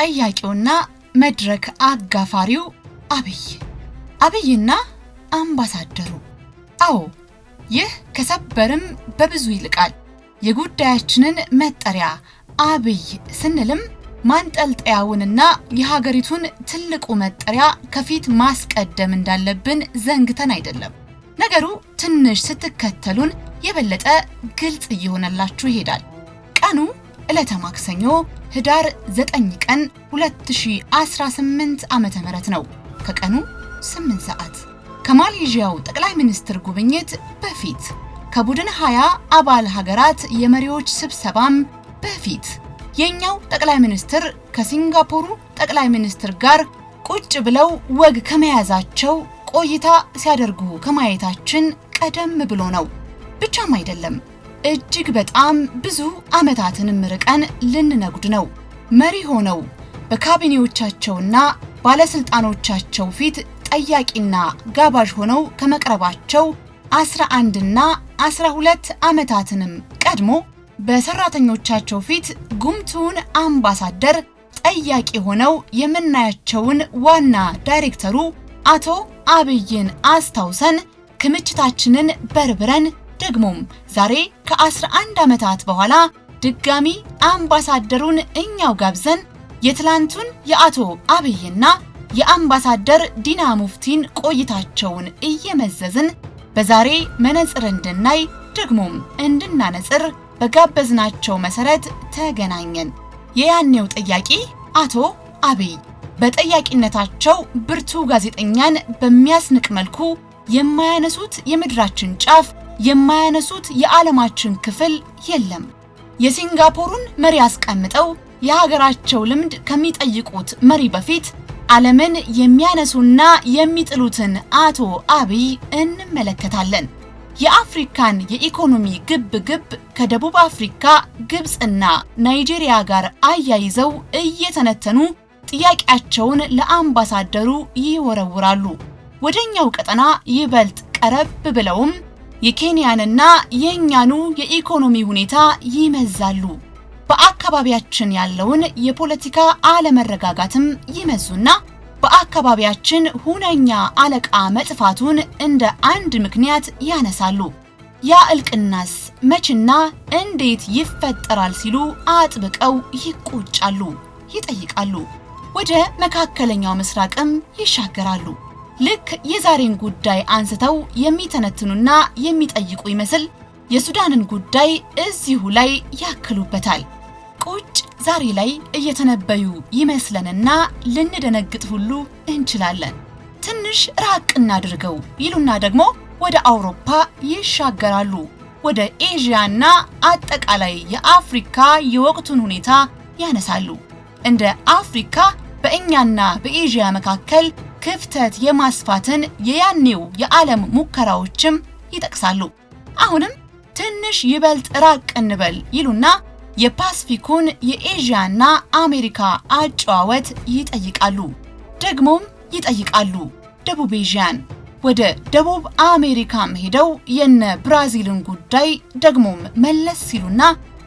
ጠያቂውና መድረክ አጋፋሪው አብይ አብይና አምባሳደሩ። አዎ ይህ ከሰበርም በብዙ ይልቃል። የጉዳያችንን መጠሪያ አብይ ስንልም ማንጠልጠያውንና የሀገሪቱን ትልቁ መጠሪያ ከፊት ማስቀደም እንዳለብን ዘንግተን አይደለም። ነገሩ ትንሽ ስትከተሉን የበለጠ ግልጽ እየሆነላችሁ ይሄዳል። ቀኑ ዕለተ ማክሰኞ ህዳር 9 ቀን 2018 ዓመተ ምህረት ነው። ከቀኑ 8 ሰዓት ከማሌዥያው ጠቅላይ ሚኒስትር ጉብኝት በፊት ከቡድን 20 አባል ሀገራት የመሪዎች ስብሰባም በፊት የኛው ጠቅላይ ሚኒስትር ከሲንጋፖሩ ጠቅላይ ሚኒስትር ጋር ቁጭ ብለው ወግ ከመያዛቸው ቆይታ ሲያደርጉ ከማየታችን ቀደም ብሎ ነው። ብቻም አይደለም እጅግ በጣም ብዙ ዓመታትንም ርቀን ልንነጉድ ነው። መሪ ሆነው በካቢኔዎቻቸውና ባለስልጣኖቻቸው ፊት ጠያቂና ጋባዥ ሆነው ከመቅረባቸው 11 እና 12 ዓመታትንም ቀድሞ በሰራተኞቻቸው ፊት ጉምቱን አምባሳደር ጠያቂ ሆነው የምናያቸውን ዋና ዳይሬክተሩ አቶ አብይን አስታውሰን ክምችታችንን በርብረን ደግሞም ዛሬ ከ11 ዓመታት በኋላ ድጋሚ አምባሳደሩን እኛው ጋብዘን የትላንቱን የአቶ አብይና የአምባሳደር ዲና ሙፍቲን ቆይታቸውን እየመዘዝን በዛሬ መነጽር እንድናይ ደግሞም እንድናነጽር በጋበዝናቸው መሰረት ተገናኘን። የያኔው ጠያቂ አቶ አብይ በጠያቂነታቸው ብርቱ ጋዜጠኛን በሚያስንቅ መልኩ የማያነሱት የምድራችን ጫፍ የማያነሱት የዓለማችን ክፍል የለም። የሲንጋፖሩን መሪ አስቀምጠው የሀገራቸው ልምድ ከሚጠይቁት መሪ በፊት ዓለምን የሚያነሱና የሚጥሉትን አቶ አብይ እንመለከታለን። የአፍሪካን የኢኮኖሚ ግብ ግብ ከደቡብ አፍሪካ ግብፅና ናይጄሪያ ጋር አያይዘው እየተነተኑ ጥያቄያቸውን ለአምባሳደሩ ይወረውራሉ። ወደኛው ቀጠና ይበልጥ ቀረብ ብለውም የኬንያንና የእኛኑ የኢኮኖሚ ሁኔታ ይመዛሉ። በአካባቢያችን ያለውን የፖለቲካ አለመረጋጋትም ይመዙና በአካባቢያችን ሁነኛ አለቃ መጥፋቱን እንደ አንድ ምክንያት ያነሳሉ። ያ እልቅናስ መችና እንዴት ይፈጠራል ሲሉ አጥብቀው ይቆጫሉ፣ ይጠይቃሉ። ወደ መካከለኛው ምስራቅም ይሻገራሉ። ልክ የዛሬን ጉዳይ አንስተው የሚተነትኑና የሚጠይቁ ይመስል የሱዳንን ጉዳይ እዚሁ ላይ ያክሉበታል። ቁጭ ዛሬ ላይ እየተነበዩ ይመስለንና ልንደነግጥ ሁሉ እንችላለን። ትንሽ ራቅ እናድርገው ይሉና ደግሞ ወደ አውሮፓ ይሻገራሉ፣ ወደ ኤዥያና አጠቃላይ የአፍሪካ የወቅቱን ሁኔታ ያነሳሉ። እንደ አፍሪካ በእኛና በኤዥያ መካከል ክፍተት የማስፋትን የያኔው የዓለም ሙከራዎችም ይጠቅሳሉ። አሁንም ትንሽ ይበልጥ ራቅ እንበል ይሉና የፓስፊኩን የኤዥያና አሜሪካ አጨዋወት ይጠይቃሉ። ደግሞም ይጠይቃሉ ደቡብ ኤዥያን ወደ ደቡብ አሜሪካም ሄደው የነ ብራዚልን ጉዳይ ደግሞም መለስ ሲሉና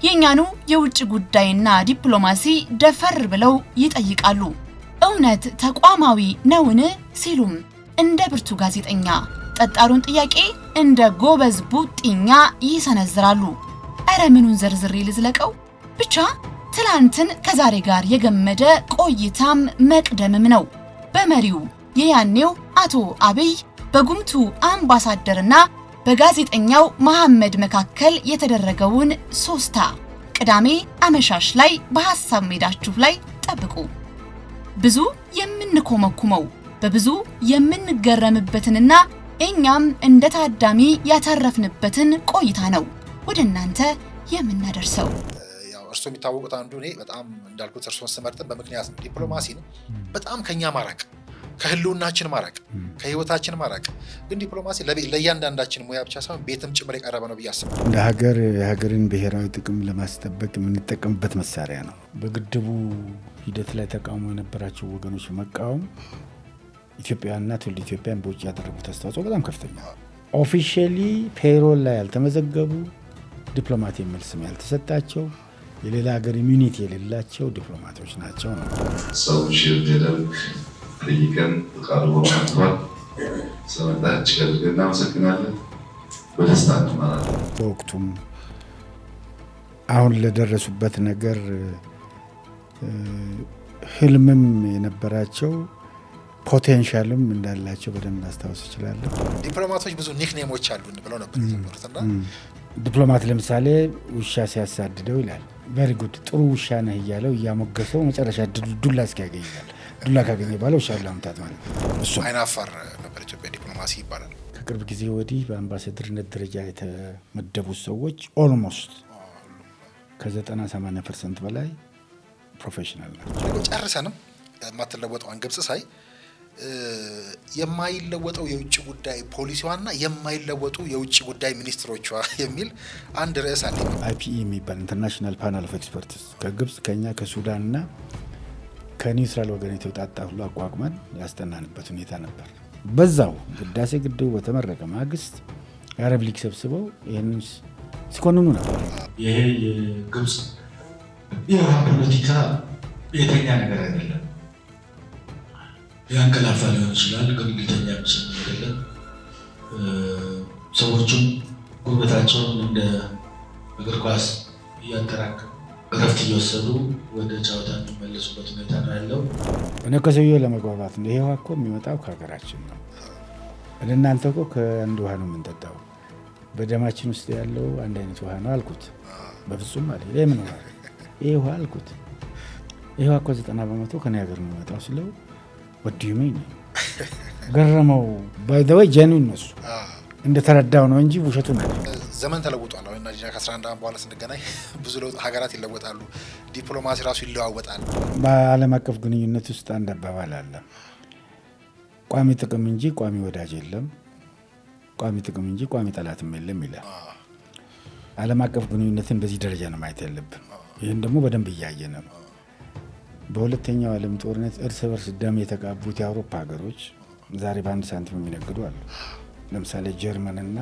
የእኛኑ የውጭ ጉዳይና ዲፕሎማሲ ደፈር ብለው ይጠይቃሉ። እውነት ተቋማዊ ነውን? ሲሉም እንደ ብርቱ ጋዜጠኛ ጠጣሩን ጥያቄ እንደ ጎበዝ ቡጢኛ ይሰነዝራሉ። እረ ምኑን ዘርዝሬ ልዝለቀው? ብቻ ትላንትን ከዛሬ ጋር የገመደ ቆይታም መቅደምም ነው። በመሪው የያኔው አቶ አብይ በጉምቱ አምባሳደርና በጋዜጠኛው መሐመድ መካከል የተደረገውን ሶስታ ቅዳሜ አመሻሽ ላይ በሐሳብ ሜዳችሁ ላይ ጠብቁ። ብዙ የምንኮመኩመው በብዙ የምንገረምበትንና እኛም እንደ ታዳሚ ያተረፍንበትን ቆይታ ነው ወደ እናንተ የምናደርሰው። እርሶ የሚታወቁት አንዱ እኔ በጣም እንዳልኩት እርሶን ስመርጥን በምክንያት ነው። ዲፕሎማሲን በጣም ከኛ ማራቅ፣ ከህልውናችን ማራቅ፣ ከህይወታችን ማራቅ። ግን ዲፕሎማሲ ለእያንዳንዳችን ሙያ ብቻ ሳይሆን ቤትም ጭምር የቀረበ ነው ብዬ አስባለሁ። እንደ ሀገር የሀገርን ብሔራዊ ጥቅም ለማስጠበቅ የምንጠቀምበት መሳሪያ ነው። በግድቡ ሂደት ላይ ተቃውሞ የነበራቸው ወገኖች መቃወም ኢትዮጵያና ትውልድ ኢትዮጵያን በውጭ ያደረጉት አስተዋጽኦ በጣም ከፍተኛ ኦፊሻሊ ፔሮል ላይ ያልተመዘገቡ ዲፕሎማት የሚል ስም ያልተሰጣቸው የሌላ ሀገር ኢሚኒቲ የሌላቸው ዲፕሎማቶች ናቸው ነው። ሰዎች ደደግ ጠይቀን ቃሉ በማጥሯል ስለመጣች ቀድገ እናመሰግናለን። በደስታ እንማራለን። በወቅቱም አሁን ለደረሱበት ነገር ህልምም የነበራቸው ፖቴንሻልም እንዳላቸው በደንብ ማስታወስ እችላለሁ። ዲፕሎማቶች ብዙ ኒክኔሞች አሉን ብለው ነበር ዲፕሎማት ለምሳሌ ውሻ ሲያሳድደው ይላል ጉድ ጥሩ ውሻ ነህ እያለው እያሞገሰው መጨረሻ ዱላ እስኪያገኝ ይላል። ዱላ ካገኘ በኋላ ውሻ ለማምጣት ማለት ነው። እሱ አይናፋር ነበር ኢትዮጵያ ዲፕሎማሲ ይባላል። ከቅርብ ጊዜ ወዲህ በአምባሳደርነት ደረጃ የተመደቡት ሰዎች ኦልሞስት ከ 98 ፐርሰንት በላይ ፕሮፌሽናል ናቸው። ጨርሰንም የማትለወጠዋን ግብጽ ሳይ የማይለወጠው የውጭ ጉዳይ ፖሊሲዋና የማይለወጡ የውጭ ጉዳይ ሚኒስትሮቿ የሚል አንድ ርዕስ አለ። አይፒኢ የሚባል ኢንተርናሽናል ፓናል ኦፍ ኤክስፐርትስ ከግብጽ ከኛ ከሱዳንና ከኒውትራል ወገን የተውጣጣ ሁሉ አቋቁመን ያስጠናንበት ሁኔታ ነበር። በዛው ህዳሴ ግድቡ በተመረቀ ማግስት የአረብ ሊግ ሰብስበው ይህንን ሲኮንኑ ነበር። ይሄ የግብጽ ያ ፖለቲካ የተኛ ነገር አይደለም። ያንቀላፋ ሊሆን ይችላል፣ ግን ሊተኛ ምስል አይደለም። ሰዎቹም ጉልበታቸውን እንደ እግር ኳስ እያጠራቀ እረፍት እየወሰዱ ወደ ጨዋታ የሚመለሱበት ሁኔታ ነው ያለው። እኔ ከሰውዬው ለመግባባት ነው። ይሄ እኮ የሚመጣው ከሀገራችን ነው። እናንተ እኮ ከአንድ ውሃ ነው የምንጠጣው። በደማችን ውስጥ ያለው አንድ አይነት ውሃ ነው አልኩት። በፍጹም አለ። ለምን ይህ ውሃ አልኩት። ይህ ውሃ እኮ ዘጠና በመቶ ከኔ ሀገር የሚመጣው ስለው ወዲዩሜኝ ገረመው። ባይዘወይ ጀኑን ነሱ እንደተረዳው ነው እንጂ ውሸቱ ነ ዘመን ተለውጧል። አሁን ናይጄሪያ ከ11 ዓመት በኋላ ስንገናኝ ብዙ ለውጥ ሀገራት ይለወጣሉ። ዲፕሎማሲ ራሱ ይለዋወጣል። በዓለም አቀፍ ግንኙነት ውስጥ አንድ አባባል አለ። ቋሚ ጥቅም እንጂ ቋሚ ወዳጅ የለም፣ ቋሚ ጥቅም እንጂ ቋሚ ጠላትም የለም ይላል። ዓለም አቀፍ ግንኙነትን በዚህ ደረጃ ነው ማየት ያለብን። ይህን ደግሞ በደንብ እያየን ነው። በሁለተኛው ዓለም ጦርነት እርስ በርስ ደም የተቃቡት የአውሮፓ ሀገሮች ዛሬ በአንድ ሳንቲም የሚነግዱ አሉ። ለምሳሌ ጀርመንና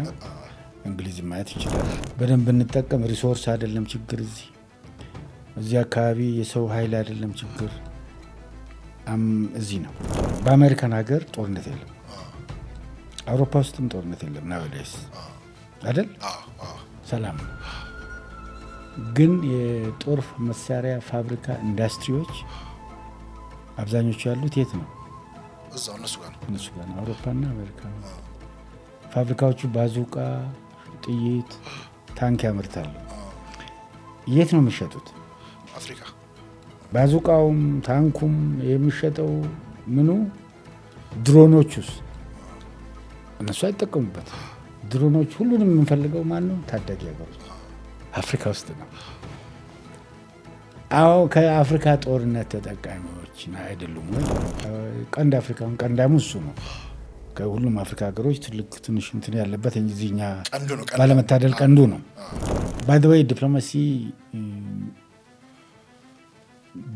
እንግሊዝ ማየት ይችላል። በደንብ እንጠቀም። ሪሶርስ አይደለም ችግር፣ እዚህ እዚህ አካባቢ የሰው ኃይል አይደለም ችግር፣ እዚህ ነው። በአሜሪካን ሀገር ጦርነት የለም፣ አውሮፓ ውስጥም ጦርነት የለም። ናወዳይስ አይደል ሰላም ነው። ግን የጦር መሳሪያ ፋብሪካ ኢንዱስትሪዎች አብዛኞቹ ያሉት የት ነው? እዛው እነሱ ጋር እነሱ ጋር ነው። አውሮፓና አሜሪካ ፋብሪካዎቹ ባዙቃ፣ ጥይት፣ ታንክ ያመርታሉ። የት ነው የሚሸጡት? አፍሪካ። ባዙቃውም ታንኩም የሚሸጠው ምኑ? ድሮኖቹስ? እነሱ አይጠቀሙበት። ድሮኖች ሁሉንም የምንፈልገው ማን ነው? ታዳጊ ሀገሮች አፍሪካ ውስጥ ነው። አዎ ከአፍሪካ ጦርነት ተጠቃሚዎች አይደሉም ወይ? ቀንድ አፍሪካ ቀንዳሙ እሱ ነው። ከሁሉም አፍሪካ ሀገሮች ትልቅ ትንሽ እንትን ያለበት እንግሊዝኛ ባለመታደል ቀንዱ ነው። ባይዘወይ ዲፕሎማሲ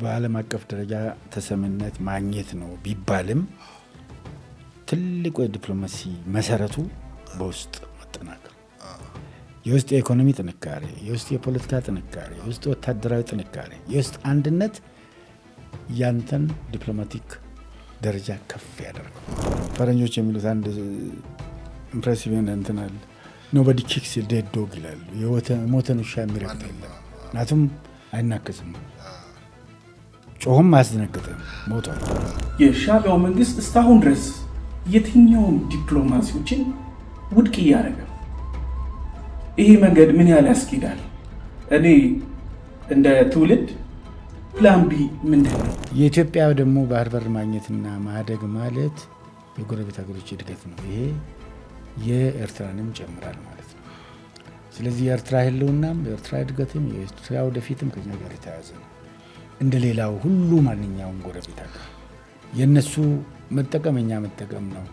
በዓለም አቀፍ ደረጃ ተሰሚነት ማግኘት ነው ቢባልም ትልቁ የዲፕሎማሲ መሰረቱ በውስጥ መጠናከር የውስጥ የኢኮኖሚ ጥንካሬ፣ የውስጥ የፖለቲካ ጥንካሬ፣ የውስጥ ወታደራዊ ጥንካሬ፣ የውስጥ አንድነት ያንተን ዲፕሎማቲክ ደረጃ ከፍ ያደርገው። ፈረንጆች የሚሉት አንድ ኢምፕሬሲቭ የሆነ እንትን አለ። ኖበዲ ኪክስ ዴድ ዶግ ይላሉ። የሞተን ውሻ የሚረግጥ የለም። ምክንያቱም አይናከስም፣ ጮሆም አያስደነግጥም፣ ሞቷል። የሻቢያው መንግስት እስካሁን ድረስ የትኛውም ዲፕሎማሲዎችን ውድቅ እያደረገ ይህ መንገድ ምን ያህል ያስጊዳል? እኔ እንደ ትውልድ ፕላን ቢ ምንድን ነው? የኢትዮጵያ ደግሞ ባህር በር ማግኘትና ማደግ ማለት የጎረቤት ሀገሮች እድገት ነው። ይሄ የኤርትራንም ጨምራል ማለት ነው። ስለዚህ የኤርትራ ህልውናም የኤርትራ እድገትም የኤርትራ ወደፊትም ከኛ ጋር የተያያዘ ነው። እንደ ሌላው ሁሉ ማንኛውም ጎረቤት ሀገር የእነሱ መጠቀመኛ መጠቀም ነው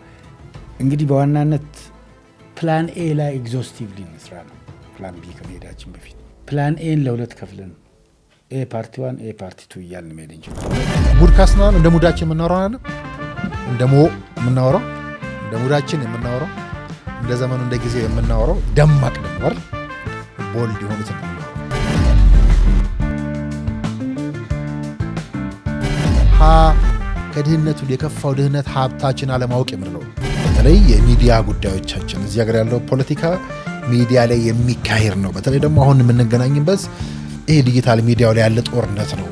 እንግዲህ በዋናነት ፕላን ኤ ላይ ኤግዞስቲቭሊ እንስራ ነው ፕላን ቢ ከመሄዳችን በፊት ፕላን ኤን ለሁለት ከፍለን ኤ ፓርቲ ዋን ኤ ፓርቲ ቱ እያልን መሄድ እንችላለን። ሙድ ካስናል እንደ ሙዳችን የምናወራው አለ እንደ ሞ የምናወራው እንደ ሙዳችን የምናወራው እንደ ዘመኑ እንደ ጊዜ የምናወራው ደማቅ ደንበር ቦልድ የሆኑት ነው። ሀ ከድህነቱ የከፋው ድህነት ሀብታችን አለማወቅ የምንለው በተለይ የሚዲያ ጉዳዮቻችን እዚህ ሀገር ያለው ፖለቲካ ሚዲያ ላይ የሚካሄድ ነው። በተለይ ደግሞ አሁን የምንገናኝበት ይህ ዲጂታል ሚዲያው ላይ ያለ ጦርነት ነው።